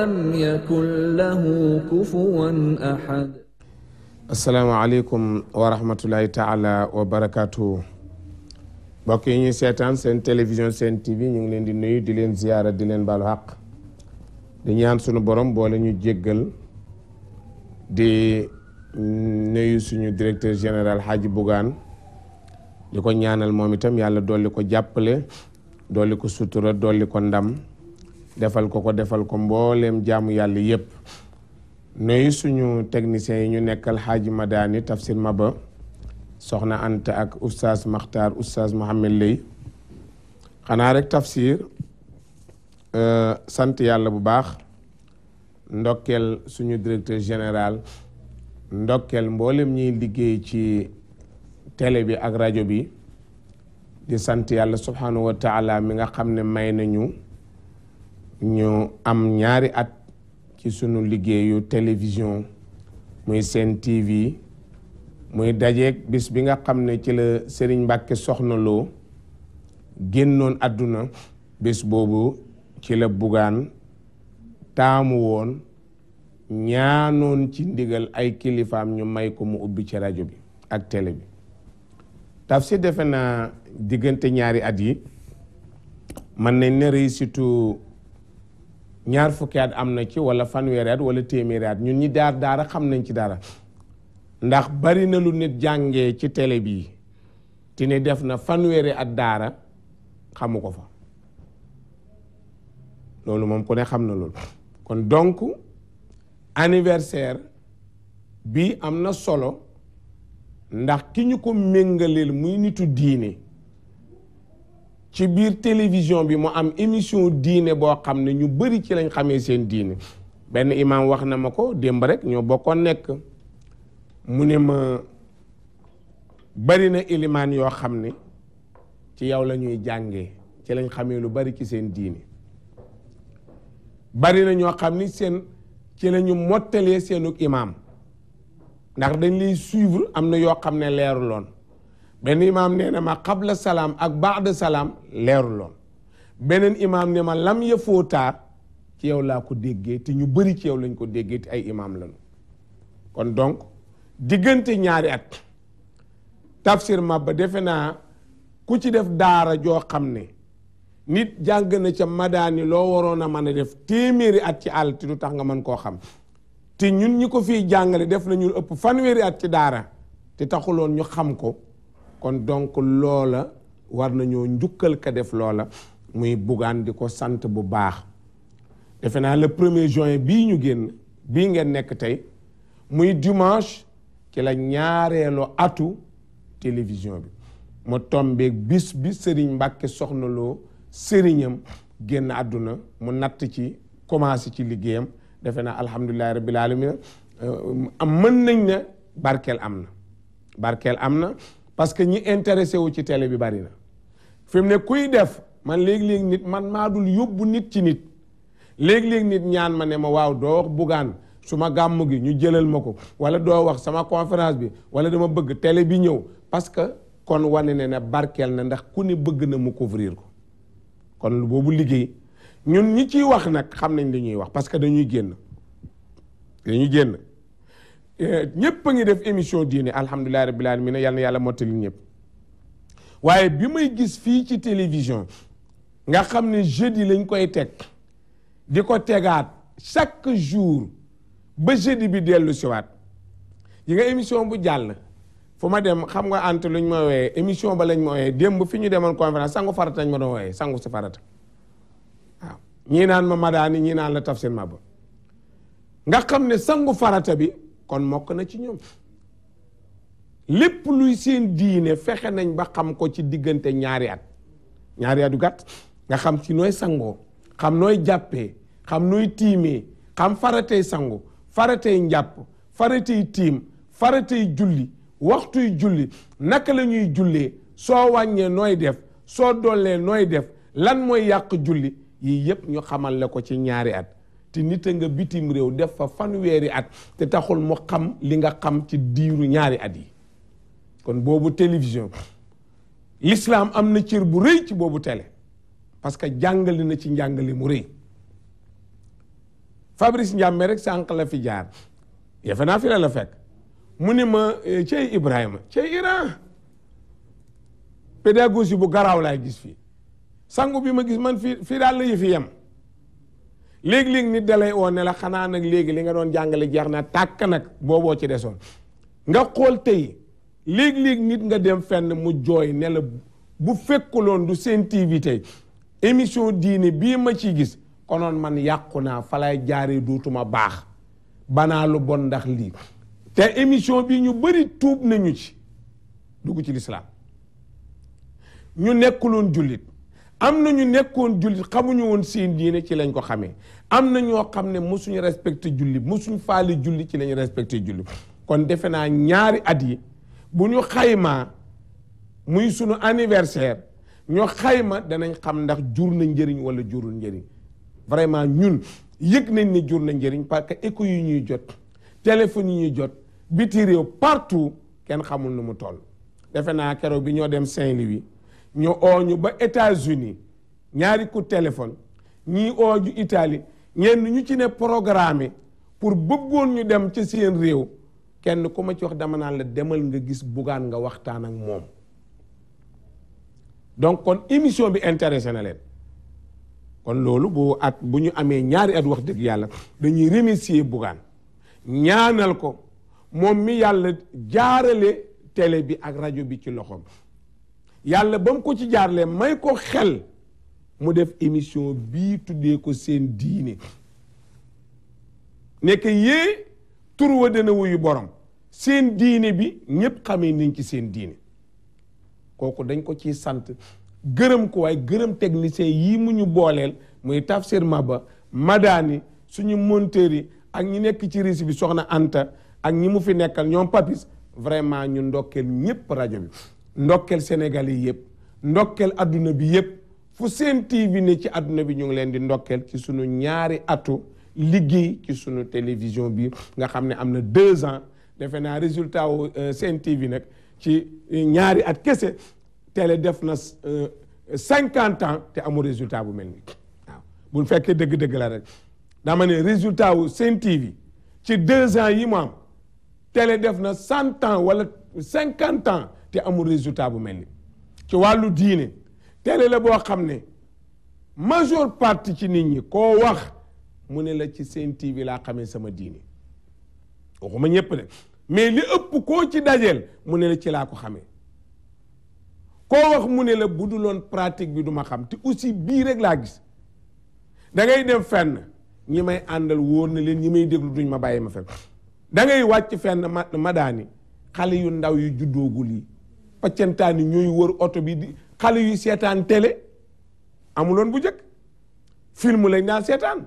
ولم يكن له كفوا أحد السلام عليكم ورحمة الله تعالى وبركاته mbokk yi ñuy seetaan seen télévision seen TV ñu ngi leen di nuyu di leen ziyaara di leen baalu xaq di ñaan suñu borom boole ñu jéggal di nuyu suñu directeur général Hadji Bougane di ko ñaanal moom itam yàlla dolli ko jàppale dolli ko sutura dolli ko ndam defal ko ko defal ko mbooleem jaamu yàlla yépp nuyu suñu techniciens yi ñu nekkal xaaji madaani tafsir maba soxna Anta ak oustaz maxtaar oustaz mohammed lay xanaa rek tafsir euh, sant yàlla bu baax ndokkeel suñu directeur général ndokkeel mboolem ñi liggéey ci tele bi ak rajo bi di sant yàlla subhanahu wa mi nga xam ne may nañu ñu am ñaari at ci sunu liggéeyu télévision muy seen TV muy dajeeg bis bi nga xam ne ci la Serigne Mbacke Soxna Lo génnoon àdduna bis boobu ci la bugaan taamu woon ñaanoon ci ndigal ay kilifaam ñu may ko mu ubbi ci rajo bi ak télé bi tafsir defe naa diggante ñaari at yi mën nañ ne réussitu ñaar fukki at am na ci walla fanweeri at wala téeméeri at ñun ñi daar daara xam nañ ci dara ndax bari na lu nit jàngee ci télé bii te ni def na fanweeri at daara xamu ko fa loolu moom ku ne xam na loolu kon donc anniversaire bii am na solo ndax ki ñu ko méngaleel muy nitu diine ci biir télévision bi mu am émission diine boo xam ne ñu bëri ci lañ xamee seen diine benn imam wax na ma ko démb rek ñoo bokkoon nekk mu ne ma bari na ilimaan yoo xam ne ci yow la ñuy jàngee ci lañ xamee lu bari ci seen diine bari na ñoo xam ni seen ci la ñu mottalee seenug imaam ndax dañ lay suivre am na yoo xam ne leeru loon benn imaam nee na ma xabla salaam ak baada salaam leeru loon beneen imaam ne ma lam yëfoo ci yow laa ko déggee te ñu bari ci yow lañ ko déggee te ay imaam lañu kon donc diggante ñaari at tafsir mabba defe naa ku ci def daara joo xam ne nit jàng na ca madaani loo waroon a mën a def téeméeri at ci àll te du tax nga mën koo xam te ñun ñi ko fii jàngale def na ñu ëpp fanweeri at ci daara te taxuloon ñu xam ko kon donc loola war nañoo njukkal ka def loola muy bugaan ko sant bu baax defe naa le premier juin bii ñu génn bi ngeen nekk tey muy dimanche ci la ñaareelu atu télévision bi mu tombeeg bis bi Serigne Mbacke soxnaloo Lo sëriñam génn àdduna mu natt ci commencé ci liggéeyam defe naa alhamdulilahi rabbil alamin euh, am mën nañ ne barkeel am na barkeel am na parce que ñi intéressé wu ci télé bi bari na fim mu ne kuy def man léegi-léegi nit man maa dul yóbbu nit ci nit léeg léeg nit ñaan ma ne ma waaw doo wax bugaan su ma gàmm gi ñu jëlal ma ko wala doo wax sama conférence bi wala dama bëgg tele bi ñëw parce que kon wane ne na barkel na ndax ku ne bëgg na mu couvrir ko kon lu boobu liggéey ñun ñi ciy wax nag xam nañ dañuy wax parce que dañuy génn dañuy génn Eh, ñëpp a def émission diine alhamdulilah rabbil alamin yal na yàlla mottali ñëpp waaye bi may gis fii ci télévision nga xam ne jeudi lañ koy teg di ko tegaat chaque jour ba jeudi bi dellu siwaat yi nga émission bu jàll fu ma dem xam nga ant luñ ma wooyee émission ba lañ ma wooyee démb fi ñu demoon conférence sangu farata lañ ma doon wooyee sangu si farata waaw naan ma madaani ñii naan la tafsir ma ba nga xam ne sangu farata bi kon mokk na ci ñoom lépp luy seen diine fexe nañ ba xam ko ci diggante ñaari at ñaari at yu gàtt nga xam ci nooy sangoo xam nooy jàppee xam nooy tiimee xam faratey sangu faratey njàpp faratey tiim faratey julli waxtuy julli naka lañuy ñuy jullee soo wàññee nooy def soo dollee nooy def lan mooy yàq julli yii yépp ñu xamal la ko ci ñaari at te nit a nga bitim réew def fa fanweeri at te taxul mu xam li nga xam ci diiru ñaari at yi kon boobu télévision l'islam am na cër bu rëy ci boobu télé parce que jàngale na ci njàngale mu rëy Fabrice Ndiame rek sànq la fi jaar yafenaa naa fi la fekk mu ni ma eh, cey Ibrahima cey Iran pédagogie bu garaaw laay gis fii sangu bi ma gis man fii fii daal la yëfi yem léegi-léegi nit dalay oo ne la xanaa nag léegi li nga doon jàngale jeex na tàkk nag booboo ci desoon nga xool tey léegi léeg nit nga dem fenn mu jooy ne la bu fekkuloon du seen TV émission diine bii ma ci gis konoon man yàqu naa falay jaaree dootuma baax banaa lu bon ndax lii te émission bi ñu bari tuub nañu ci dugg ci lislaam ñu nekkuloon jullit am na ñu nekkoon jullit xamuñu woon seen diine ci lañ ko xamee am na ñoo xam ne mosuñu respecté julli mosuñ faale julli ci lañ respecté julli kon defe naa ñaari at yi bu ñu xaymaa muy sunu anniversaire ñu xayma danañ xam ndax jur na njëriñ wala jurul njëriñ vraiment ñun yëg nañ ne jur na njëriñ parce que écho yi ñuy jot téléphone yu ñuy jot biti réew partout kenn xamul nu mu toll defe naa keroog bi ñoo dem Saint-Louis ñu ooñu ba États-Unis ñaari ko téléphone ñii ooju Italie ñenn ñu ci ne programme pour bëggoon ñu dem ci seen réew kenn ku ma ci wax dama la demal nga gis bugaan nga waxtaan ak moom donc kon émission bi intéressé leen kon loolu bu at bu ñu amee ñaari at wax dëgg yàlla dañuy rémissier bugaan ñaanal ko moom mi yàlla jaarale télé bi ak rajo bi ci loxoom yàlla ba mu ko ci jaarlee may ko xel mu def émission bii tuddee ko seen diine nekk yee tur wa dana wuyu borom seen diine bi ñëpp xamee nañ ci seen diine kooku dañ ko ciy sant gërëm koo ay gërëm technicien yii mu ñu booleel muy tafsir maba madaani suñu monteur yi ak ñi nekk ci régie bi soxna Anta ak ñi mu fi nekkal ñoom papis vraiment ñu ndokkeel ñëpp rajo bi ndokkeel Sénégal yi yëpp ndokkeel adduna bi yëpp fu seen TV ne ci adduna bi ñu ngi leen di ndokkeel ci sunu ñaari atu liggéey ci sunu télévision bi nga xam ne am na deux ans defe naa résultat wu euh, seen TV nag ci ñaari at kese tele def na euh, cinquante ans te amul résultat bu mel ni bu fekkee dëgg-dëgg la rek dama ne résultat wu seen TV ci deux ans yi mu tele def na cent wala cinquante ans. te amul résultat bu mel ni ci wàllu diine télé la boo xam ne majeure partie ci nit ñi koo wax mu ne la ci seen TV laa xamee sama diine waxuma ñëpp de mais li ëpp koo ci dajeel mu ne la ci laa ko xamee koo wax mu ne la bu duloon pratique bi duma xam te aussi bii rek laa gis dangay dem fenn ñi may àndal wóor na leen ñi may déglu duñ ma bàyyi ma fenn da ngay wàcc fenn ma ma daani xale yu ndaw yu juddoogul yi paccantaani ñooy wër oto bi di xale yu seetaan tele amuloon bu njëkk film lañ daan seetaan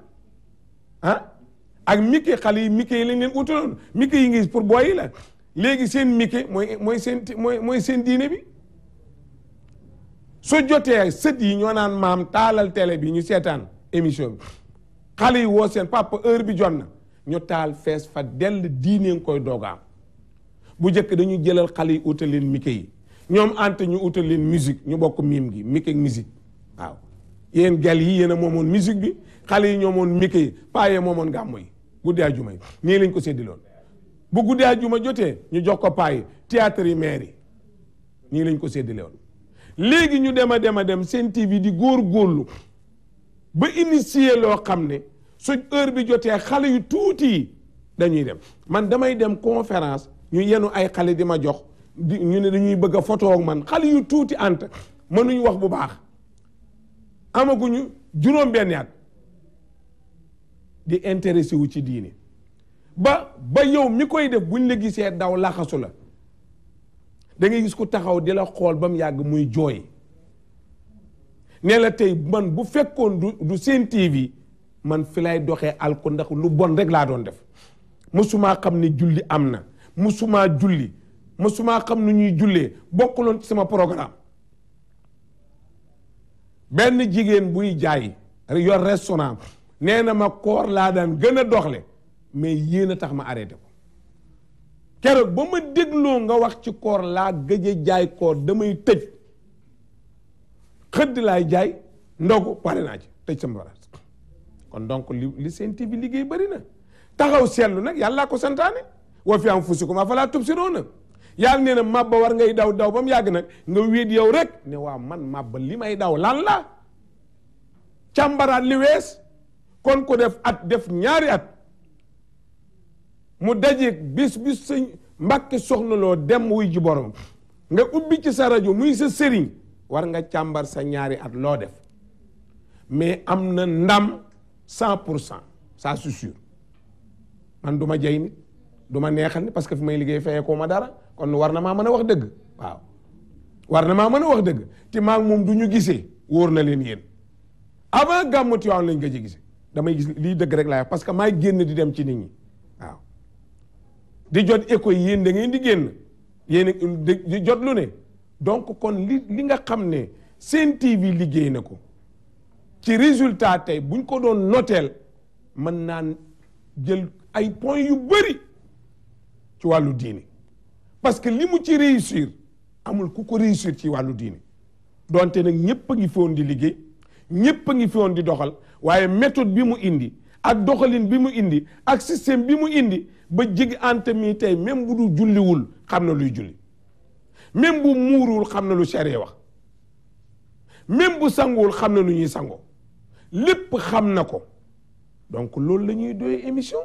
ah ak mike xale yi mike yi lañ leen utaloon mike yi ngi pour booy yi la léegi seen mike mooy mooy seen mooy seen diine bi su jotee sët yi ñoo naan maam taalal télé bi ñu seetaan émission bi xale yi woo seen papa heure bi jot na ñu taal fees fa dell diine koy doog bu njëkk dañu jëlal xale yi utaleen mike yi ñoom ante ñu utal leen musique ñu bokk miim gi mik ak musique waaw yéen gal yi yéen a moomoon musique bi xale yi ñoomoon mik yi paa yee moomoon gàmmo yi guddi àjjuma yi nii lañ ko séddiloon bu guddi àjjuma jotee ñu jox ko paa yi théâtre yi maire nii lañ ko séddiloon léegi ñu dem a dem a dem seen TV di góor-góorlu ba initier loo xam ne su heure bi jotee xale yu tuuti yi dañuy dem man damay dem conférence ñu yenu ay xale di ma jox di ñu ne dañuy bëgg a photo ak man xale yu tuuti ant mënuñ wax bu baax amaguñu juróom benn at di intéressé wu ci diini ba ba yow mi koy def buñ la gisee daw laxasu la dangay gis ku taxaw di la xool ba mu yàgg muy jooy ne la tey man bu fekkoon du du seen TV man fi lay doxee alko ndax lu bon rek laa doon def mësumaa xam ne julli am na mësumaa julli mësumaa xam nu ñuy jullee bokkuloon ci sama programme benn jigéen buy jaay yor restaurant nee na ma koor laa daan gën a doxle mais yéen a tax ma arrêté ko keroog ba ma dégloo nga wax ci koor laa gëj jaay koor damay tëj xëdd laay jaay ndogu pare naa ci tëj sama li li seen TV liggéey bari na taxaw seetlu nag yàllaa ko santaane wa fi anfusikum afalaa tubsiruun yaa nee na màbba war ngay daw daw ba mu yàgg nag nga wéet yow rek ne waa man màbba li may daw lan laa càmbaraat li wees kon ko def at def ñaari at mu dajeeg bis bis sëñ mbàkke soxna loo dem wuy ji borom nga ubbi ci sa rajo muy sa sëriñ war nga càmbar sa ñaari at loo def mais am na ndam cent pour cent ça c'est sûr man du ma jay nit du ma neexal ni parce que fi may liggéey fayee koo ma dara kon war na maa mën a wax dëgg waaw war na maa mën a wax dëgg te maa ngi moom du ñu gisee wóor na leen yéen avant gàmmu Tiwaawan lañ gëj a gisee damay gis lii dëgg rek parce que maay génn di dem ci nit ñi waaw di jot écho yi yéen da ngeen di génn yéen di jot lu ne donc kon li li nga xam ne Sen TV liggéey na ko ci résultat tey buñ ko doon noteel mën naan jël ay points yu bëri ci wàllu diini parce que li mu ci réussir amul ku ko réussir ci wàllu diine donte nag ñëpp a ngi fi woon di liggéey ñëpp a ngi fi woon di doxal waaye méthode bi mu indi ak doxalin bi mu indi ak système bi mu indi ba jeg ante mi tey même bu du julliwul xam na luy julli même bu muuruwul xam na lu sharia wax même bu sanguwul xam na lu ñuy sangoo lépp xam na ko donc loolu lañuy ñuy doy émission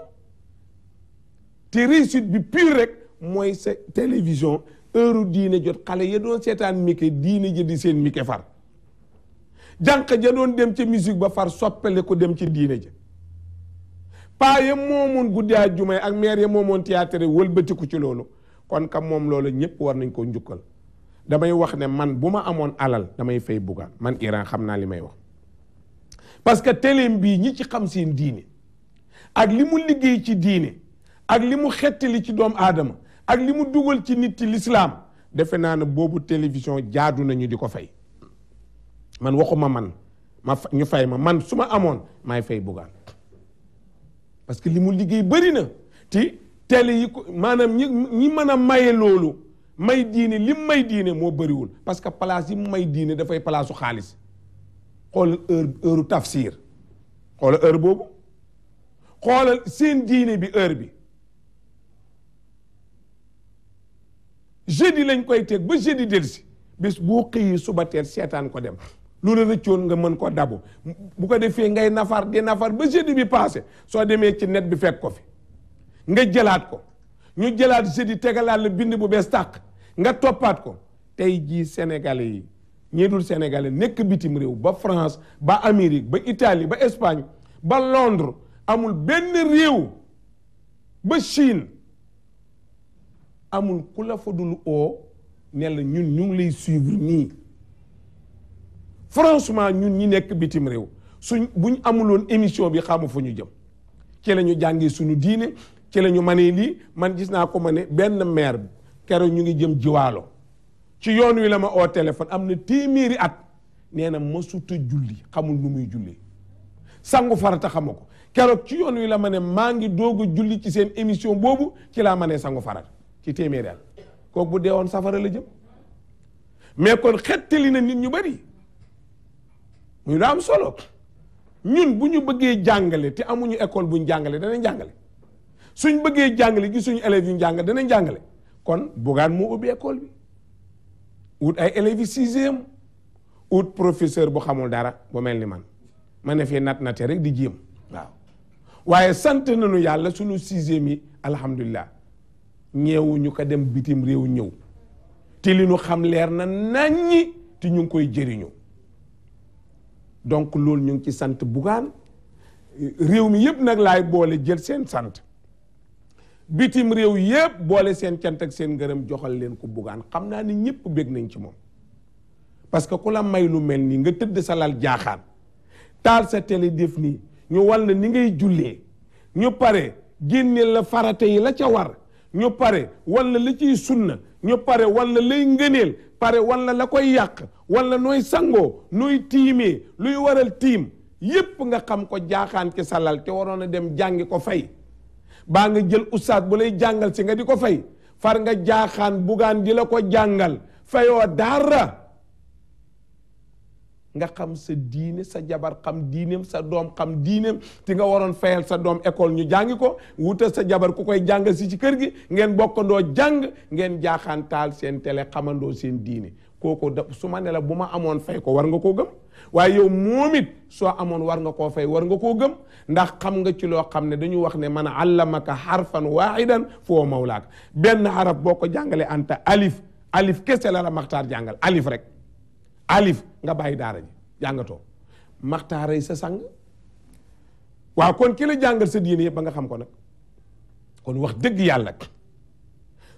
te réussite bi pure rek mooy sa télévision heure diine jot xale ya doon seetaan mike diine ji di seen mike far janq ja doon dem ca musique ba far soppale ko dem ci diine ja paa ya moomoon guddi àjjuma ak maire ya moomoon théâtre wëlbatiku ci loolu kon kam moom loolu ñëpp war nañ koo njukkal damay wax ne man bu ma amoon alal damay fay buggaan man Iran xam naa li may wax parce que téléem bii ñi ci xam seen diine ak li mu liggéey ci diine ak li mu xettali ci doomu aadama ak li mu dugal ci nit ci lislaam defe naa ne boobu télévision jaadu nañu di ko fay man waxuma man ma ñu fay ma man su ma amoon maay fay buggaan parce que li mu liggéey bëri na ti télé yi ko maanaam ñi ñi mën a maye loolu may diine li may diine moo bëriwul parce que place yi mu may diine dafay palaasu xaalis xoolal heure heure tafsir xoolal heure boobu xoolal seen diine bi heure bi jeudi lañ koy teg ba jeudi delsi bis boo xëyee suba teel seetaan ko dem lu la rëccoon nga mën koo dabu bu ko defee ngay nafar di nafar ba jeudi bi passé soo demee ci net bi fekk ko fi nga jëlaat ko ñu jëlaat jeudi tegalaat la bind bu bees tàq nga toppaat ko tey jii sénégalais yi ñii dul sénégalais nekk bitim réew ba France ba Amérique ba Italie ba Espagne ba londre amul benn réew ba Chine amul ku la fa oo ne la ñun ñu ngi lay suivre nii franchement ñun ñi nekk bitim réew suñ buñ amuloon émission bi xamu fu ñu jëm ci la ñu suñu diine ci la ñu manee man gis naa ko ma ne benn maire bi keroog ñu ngi jëm jiwaalo ci yoon wi la ma oo téléphone am na téeméeri at nee na masuta julli xamul nu muy julli sangu farata xama ko keroog ci yoon wi la ma ne maa ngi doog a julli ci seen émission boobu ci laa ma ne sangu farata ci téeméeri at kooku bu dee woon safara la jëm mais kon xettali na nit ñu bari muy lu am solo ñun bu ñu bëggee jàngale te amuñu école buñ jàngale danañ jàngale suñ bëggee jàngale gi suñu élèves yuñ jàngale danañ jàngale kon bugaan moo ubbi école bi wut ay élèves yi sixième wut professeur bu xamul dara bu mel ni man ma ne fii nat nate rek di jéem waaw waaye sant nañu yàlla suñu sixième yi alhamdulilah ñeewu ñu ko dem bitim réew ñëw te li xam leer na naññi ti ñu ngi koy jëriñu donc loolu ñu ngi ci sant bugaan réew mi yëpp nag laay boole jël seen sant bitim réew yëpp boole seen cant ak seen ngërëm joxal leen ko bugaan xam naa ni ñëpp bég nañ ci moom parce que ku la may lu mel nii nga tëdd sa lal jaaxaan taal sa télé def nii ñu wal na ni ngay jullee ñu pare génne la farata yi la ca war ñu pare wala li ciy sunna ñu pare wala lay ngëneel pare wala la koy yàq walla nooy sangoo nooy tiimee luy waral tiim yépp nga xam ko jaaxaan ci salal te waroon a dem jàngi ko fay baa nga jël ustaat bu lay jàngal si nga di ko fay far nga jaaxaan bugaan di la ko jàngal fayoo daara nga xam sa diine sa jabar xam diineem sa doom xam diineem ti nga waroon fayal sa doom école ñu jàngi ko wutal sa jabar ku koy jàngal si ci kër gi ngeen bokkandoo jàng ngeen jaaxantaal seen télé xamandoo seen diine kooku da su ma ne la bu ma amoon fay ko war nga ko gëm waaye yow moom it soo amoon war nga koo fay war nga koo gëm ndax xam nga ci loo xam ne dañu wax ne man allamaka harfan waahidan foo mawlaak benn arab boo ko jàngalee anta alif alif kese la la maxtaar jàngal alif rek alif nga bàyyi daara ji jàngatoo maxtaaray sa sang waaw kon ki jàngal sa diine yëpp ba nga xam ko nag kon wax dëgg yàlla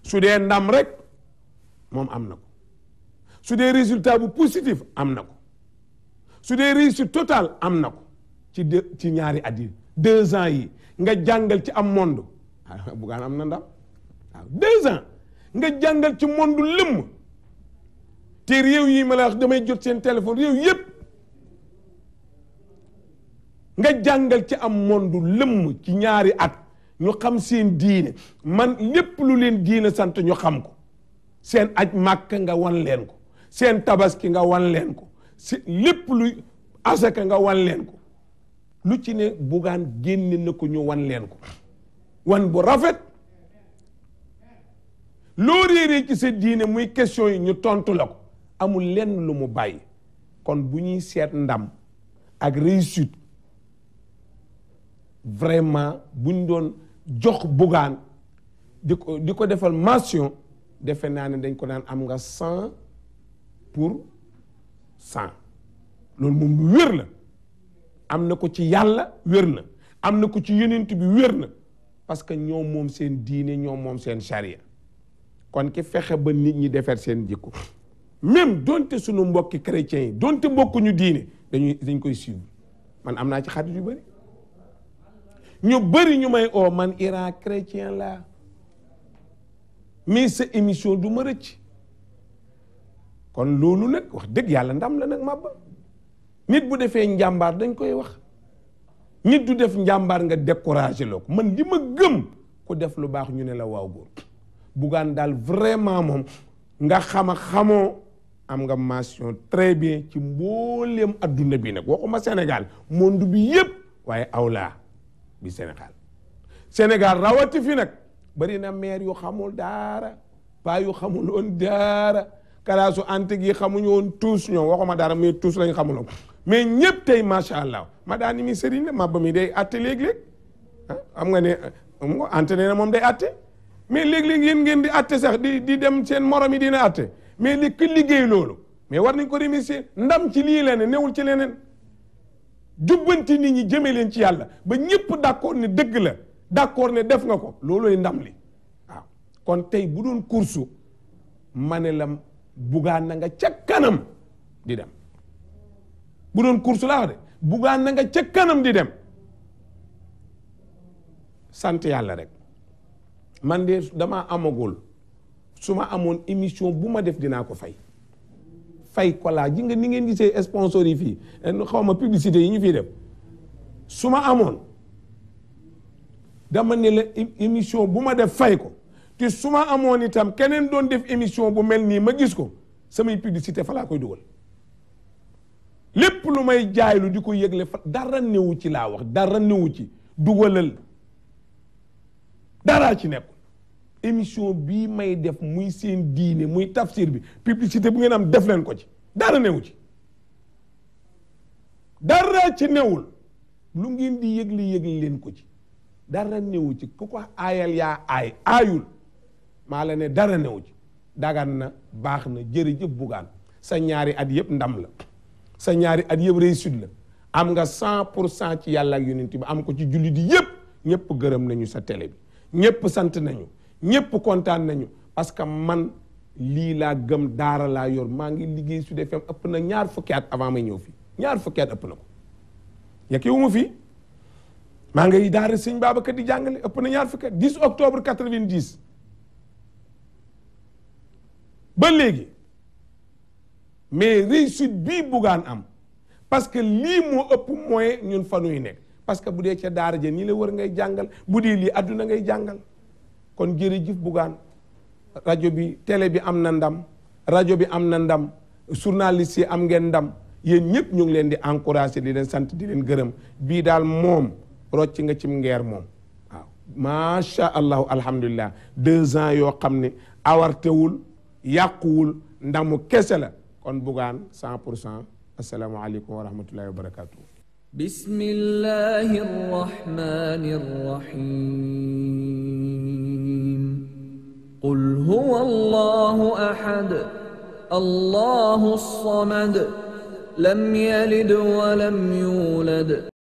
su dee ndam rek moom am na ko su dee résultat bu positif am na ko su dee réussite am na ko ci ci ñaari at yi deux ans yi nga jàngal ci am monde bugaan am na ndam waaw deux ans nga jàngal ci monde lëmm te réew yi ma la damay jot seen téléphone réew yépp nga jàngal ci am monde lëmm ci ñaari at ñu xam seen diine man lépp lu leen diine sant ñu xam ko seen aj màkk nga wan leen ko seen tabaski nga wan leen ko si lu nga wan leen ko lu ci ne bugaan génne na ko ñu wan leen ko wan bu rafet loo réeree ci sa diine muy question yi ñu tontu la ko amul lenn lu mu bàyyi kon bu ñuy seet ndam ak réussite vraiment bu ñu doon jox bugaan di ko di ko defal mention defe naa ne dañ ko daan am nga cent pour san loolu moom lu wér la am na ko ci yàlla wér na am na ko ci yonent bi wér na parce que ñoom moom seen diine ñoom moom seen charia kon ki fexe ba nit ñi defar seen jikko même donte suñu mbokki chrétiens yi donte mbokkuñu diine dañuy dañ koy suivre man am naa ci xarit yu bëri ñu bari ñu may oo oh, man Iran chrétien laa mais sa émission du ma rëcc kon loolu nag wax dëgg yàlla ndam la nag ba nit bu defee njàmbaar dañ koy wax nit du def njàmbaar nga découragé loo ko man li ma gëm ku def lu baax ñu ne la waaw góor bugaan daal vraiment moom nga xama xamoo am nga mention très bien ci mbooleem adduna bi nag waxuma Sénégal monde bi yëpp waaye awlaa bi Sénégal Sénégal rawati fi nag bari na maire yu xamul daara paa yu xamul woon daara kalaasu antique yi xamuñu woon tous ñoom waxuma daara mais tous lañ xamuloon mais ñëpp tey macha allah ma daan ni mi sëriñ la ma ba mi day atte léeg-léeg ah, am nga ne ante ne na moom day atte mais léeg-léeg yéen ngeen di atte sax di di dem seen morom yi dina atte mais li ki liggéey loolu mais war nañ ko remercier ndam ci lii leneen newul ci leneen jubbanti nit ñi jëmee leen ci yàlla ba ñëpp d'accord ne dëgg la d'accord ne def nga ko loolooy ndam li waaw kon tey bu doon kursu ma ne la bugaan na nga ca kanam di dem bu doon kursu laa de bugaan nga ca kanam di dem sant yàlla rek man de damaa amagul su ma amoon émission bu ma def dinaa ko fay fay ko laa ji nga ni ngeen gisee sponsor yi fii eh, xaw ma publicité yi ñu fii def su ma amoon dama ne émission bu ma def fay ko te su ma amoon itam keneen doon def émission bu mel nii ma gis ko samay publicité fa laa koy dugal lépp lu may jaaylu di ko yëgle fa dara newu ci laa wax dara newu ci dugalal daraa ci nekk émission bi may def muy seen diine muy tafsir bi publicité bu ngeen am def leen ko ci dara newu ci dara ci newul lu ngeen di yëgle yëgle leen ko ci dara newu ci ku ko aayal yaa aay aayul maa la ne dara newu ci dagan na baax na jërëjëf bugaan sa ñaari at yëpp ndam la sa ñaari at yëpp réussite la am nga cent pour cent ci yàlla ak yonent bi am ko ci jullit yi yëpp ñëpp gërëm nañu sa télé bi ñëpp sant nañu ñëpp kontaan nañu parce man lii laa gëm daara laa yor maa ngi liggéey Sud FM ëpp na ñaar fukki at avant may ñëw fii ñaar fukki at ëpp na ko yekkiwuma fi maa ngi daara sëñ Babacar di jàngale ëpp na ñaar fukki at 10 octobre 90 ba léegi mais réussite bii buggaan am parce que lii moo ëpp moyen ñun fanuy nekk parce que bu dee ca daara ja nii la war ngay jàngal bu di lii àdduna ngay jàngal kon jërëjëf Bougane rajo bi tele bi am na ndam rajo bi am na ndam journaliste yi am ngeen ndam yéen ñëpp ñu ngi leen di encouragé di leen sant di leen gërëm bii daal moom rocc nga cim ngeer moom waaw macha allahu alhamdulilah deux ans yoo xam ne awartewul yàquwul ndamu kese la kon Bougane cent pour cent asalaamualeykum wa rahmatullahi wa barakatu bismillahi rahmani rahim قل هو الله احد الله الصمد لم يلد ولم يولد